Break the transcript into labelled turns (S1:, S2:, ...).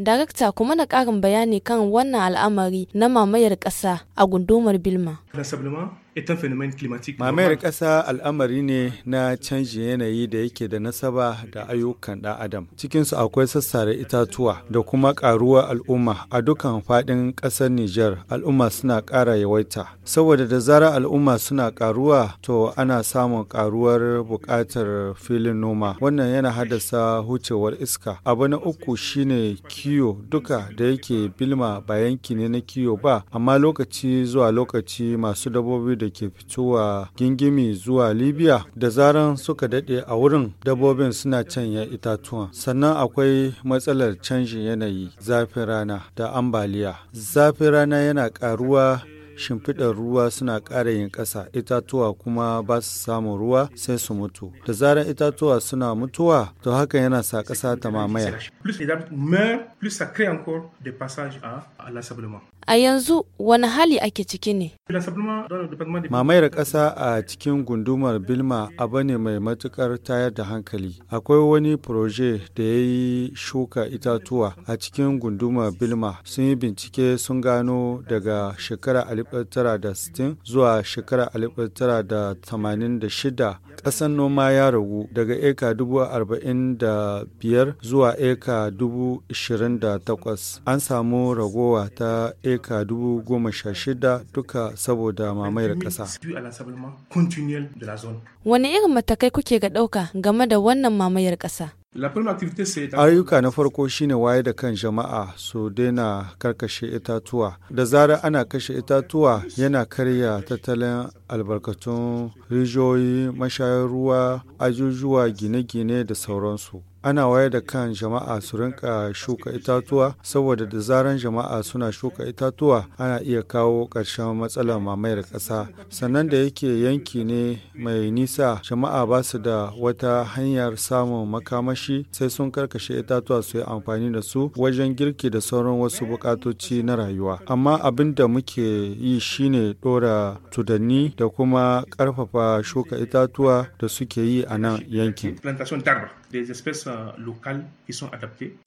S1: Darakta kuma na ƙarin bayani kan wannan al'amari na mamayar ƙasa a gundumar Bilma.
S2: ita fenomen
S3: climatic mamayar ƙasa al'amari ne na canjin yanayi da yake da nasaba da ayyukan ɗan adam cikinsu akwai sassare itatuwa da kuma ƙaruwar al'umma a dukkan faɗin ƙasar niger al'umma suna ƙara yawaita saboda da zarar al'umma suna ƙaruwa to ana samun ƙaruwar buƙatar filin noma wannan yana haddasa hucewar iska abu na uku shine kiyo duka da yake bilma ba yanki ne na kiyo ba amma lokaci zuwa lokaci masu dabobi da ke fitowa gingimi zuwa libya da zaran suka daɗe a wurin dabbobin suna canya itatuwa, sannan akwai matsalar canjin yanayi zafin rana da ambaliya zafin rana yana ƙaruwa shimfiɗar ruwa suna ƙara yin ƙasa itatuwa kuma ba su samun ruwa sai su mutu da zarar itatuwa suna mutuwa to haka yana sa ƙasa ta mamaya
S1: a yanzu wani hali ake ciki ne mamayar
S3: ƙasa a cikin gundumar bilma abu ne mai matukar tayar da hankali akwai wani proje da ya yi shuka itatuwa a cikin gundumar bilma sun yi bincike sun gano daga shekara 1960 zuwa shekarar 1986 ƙasan noma ya ragu daga eka 45,000 zuwa eka 28,000 an samu ragowa ta eka 16,000 duka saboda mamayar ƙasa.
S1: Wani irin matakai kuke ga ɗauka game da wannan mamayar ƙasa?
S3: Ayyuka na farko shine waye da kan jama'a su daina karkashe itatuwa. Da zarar ana kashe itatuwa yana karya tattalin albarkatun rijiyoyi, mashayar ruwa, ajujuwa, gine-gine da sauransu. ana wayar da kan jama'a su rinka shuka itatuwa saboda da zaran jama'a suna shuka itatuwa ana iya kawo ƙarshen matsalar mamayar ƙasa sannan da yake yanki ne mai nisa jama'a ba su da wata hanyar samun makamashi sai sun karkashe itatuwa su yi amfani da su wajen girki da sauran wasu buƙatoci na rayuwa amma abin da muke yi shine ɗora tudanni da kuma ƙarfafa shuka itatuwa da suke yi a nan yankin.
S2: locales qui sont adaptées.